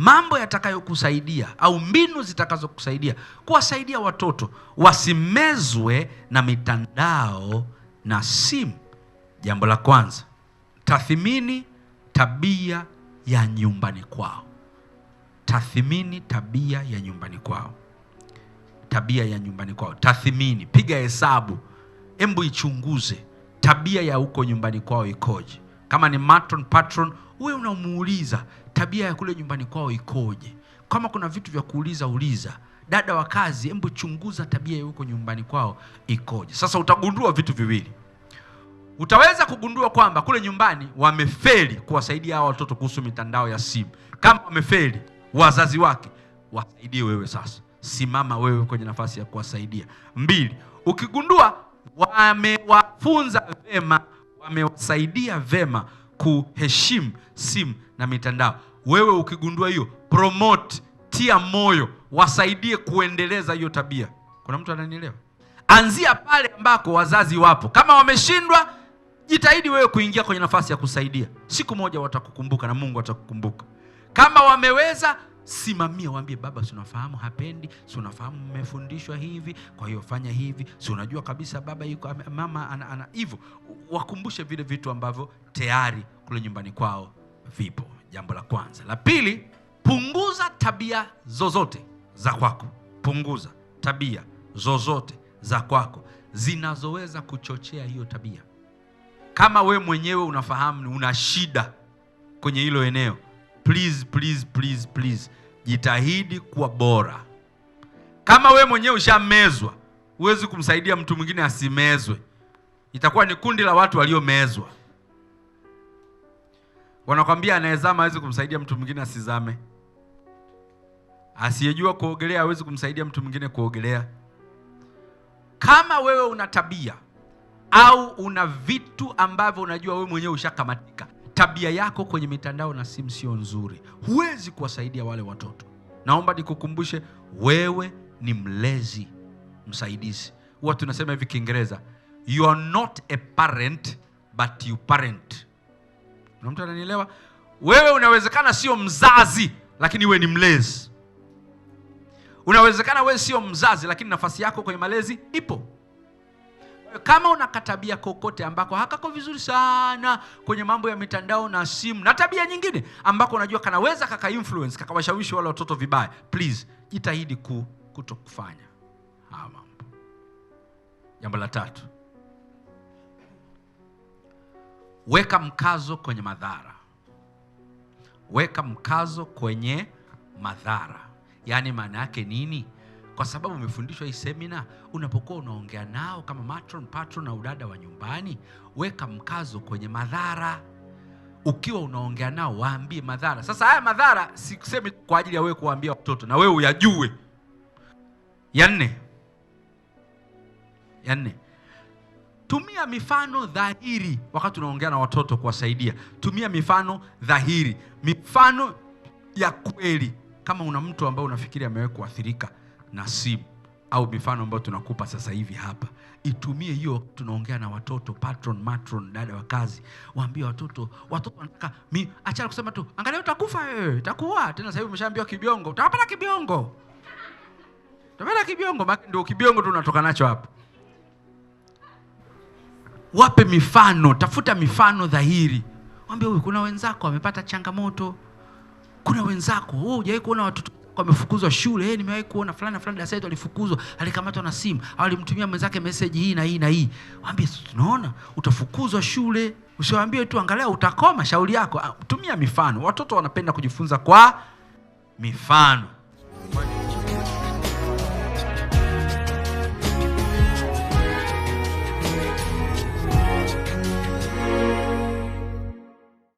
mambo yatakayokusaidia au mbinu zitakazokusaidia kuwasaidia watoto wasimezwe na mitandao na simu. Jambo la kwanza, tathimini tabia ya nyumbani kwao. Tathimini tabia ya nyumbani kwao, tabia ya nyumbani kwao. Tathimini, piga hesabu, embu ichunguze tabia ya huko nyumbani kwao ikoje, kama ni matron patron wewe unamuuliza tabia ya kule nyumbani kwao ikoje. Kama kuna vitu vya kuuliza, uliza dada wa kazi, hebu chunguza tabia ya huko nyumbani kwao ikoje. Sasa utagundua vitu viwili. Utaweza kugundua kwamba kule nyumbani wamefeli kuwasaidia hao watoto kuhusu mitandao ya simu. Kama wamefeli wazazi wake, wasaidie wewe sasa. Simama wewe kwenye nafasi ya kuwasaidia. Mbili, ukigundua wamewafunza vema, wamewasaidia vema kuheshimu simu na mitandao. Wewe ukigundua hiyo, promote, tia moyo, wasaidie kuendeleza hiyo tabia. Kuna mtu ananielewa? Anzia pale ambako wazazi wapo. Kama wameshindwa, jitahidi wewe kuingia kwenye nafasi ya kusaidia. Siku moja watakukumbuka na Mungu atakukumbuka. Kama wameweza simamia, waambie baba, si unafahamu hapendi, si unafahamu mmefundishwa hivi, kwa hiyo fanya hivi, si unajua kabisa baba yuko mama ana, ana hivyo. Wakumbushe vile vitu ambavyo tayari kule nyumbani kwao vipo. Jambo la kwanza. La pili, punguza tabia zozote za kwako, punguza tabia zozote za kwako zinazoweza kuchochea hiyo tabia. Kama we mwenyewe unafahamu una shida kwenye hilo eneo please, please, please, please, jitahidi kuwa bora. Kama we mwenyewe ushamezwa, huwezi kumsaidia mtu mwingine asimezwe, itakuwa ni kundi la watu waliomezwa. Wanakwambia anayezama awezi kumsaidia mtu mwingine asizame, asiyejua kuogelea awezi kumsaidia mtu mwingine kuogelea. Kama wewe una tabia au una vitu ambavyo unajua wewe mwenyewe ushakamatika tabia yako kwenye mitandao na simu sio nzuri, huwezi kuwasaidia wale watoto. Naomba nikukumbushe, wewe ni mlezi msaidizi. Huwa tunasema hivi Kiingereza, you are not a parent but you parent. Na mtu ananielewa? Wewe unawezekana sio mzazi, lakini wewe ni mlezi. Unawezekana wewe sio mzazi, lakini nafasi yako kwenye malezi ipo. Kama unakatabia kokote ambako hakako vizuri sana kwenye mambo ya mitandao na simu na tabia nyingine ambako unajua kanaweza kaka influence kakawashawishi wale watoto vibaya, please jitahidi ku kutokufanya haya mambo. Jambo la tatu, weka mkazo kwenye madhara. Weka mkazo kwenye madhara, yaani maana yake nini? kwa sababu umefundishwa hii semina. Unapokuwa unaongea nao kama matron, patron na udada wa nyumbani, weka mkazo kwenye madhara. Ukiwa unaongea nao, waambie madhara. Sasa haya madhara sikusemi kwa ajili ya wewe kuwaambia watoto, na wewe uyajue. Ya nne, ya nne, tumia mifano dhahiri wakati unaongea na watoto kuwasaidia. Tumia mifano dhahiri, mifano ya kweli. Kama una mtu ambaye unafikiri amewee kuathirika nasibu au mifano ambayo tunakupa sasa hivi hapa, itumie hiyo. Tunaongea na watoto, patron, matron, dada wa kazi, waambie watoto. Watoto wanataka mi, achana kusema tu, angalia utakufa wewe, utakuwa tena. Sasa hivi umeshaambiwa kibiongo, utapata kibiongo, utapata kibiongo, baki ndio kibiongo tu unatoka nacho hapa Wape mifano, tafuta mifano dhahiri, waambie huyu, kuna wenzako wamepata changamoto, kuna wenzako wewe hujawahi kuona watoto wamefukuzwa shule. Hey, nimewahi kuona fulani na fulani darasa letu alifukuzwa, alikamatwa na simu au alimtumia mwenzake meseji hii na hii na hii. Waambie tunaona utafukuzwa shule, usiwaambie tu angalia utakoma. Shauri yako, ah, tumia mifano. Watoto wanapenda kujifunza kwa mifano.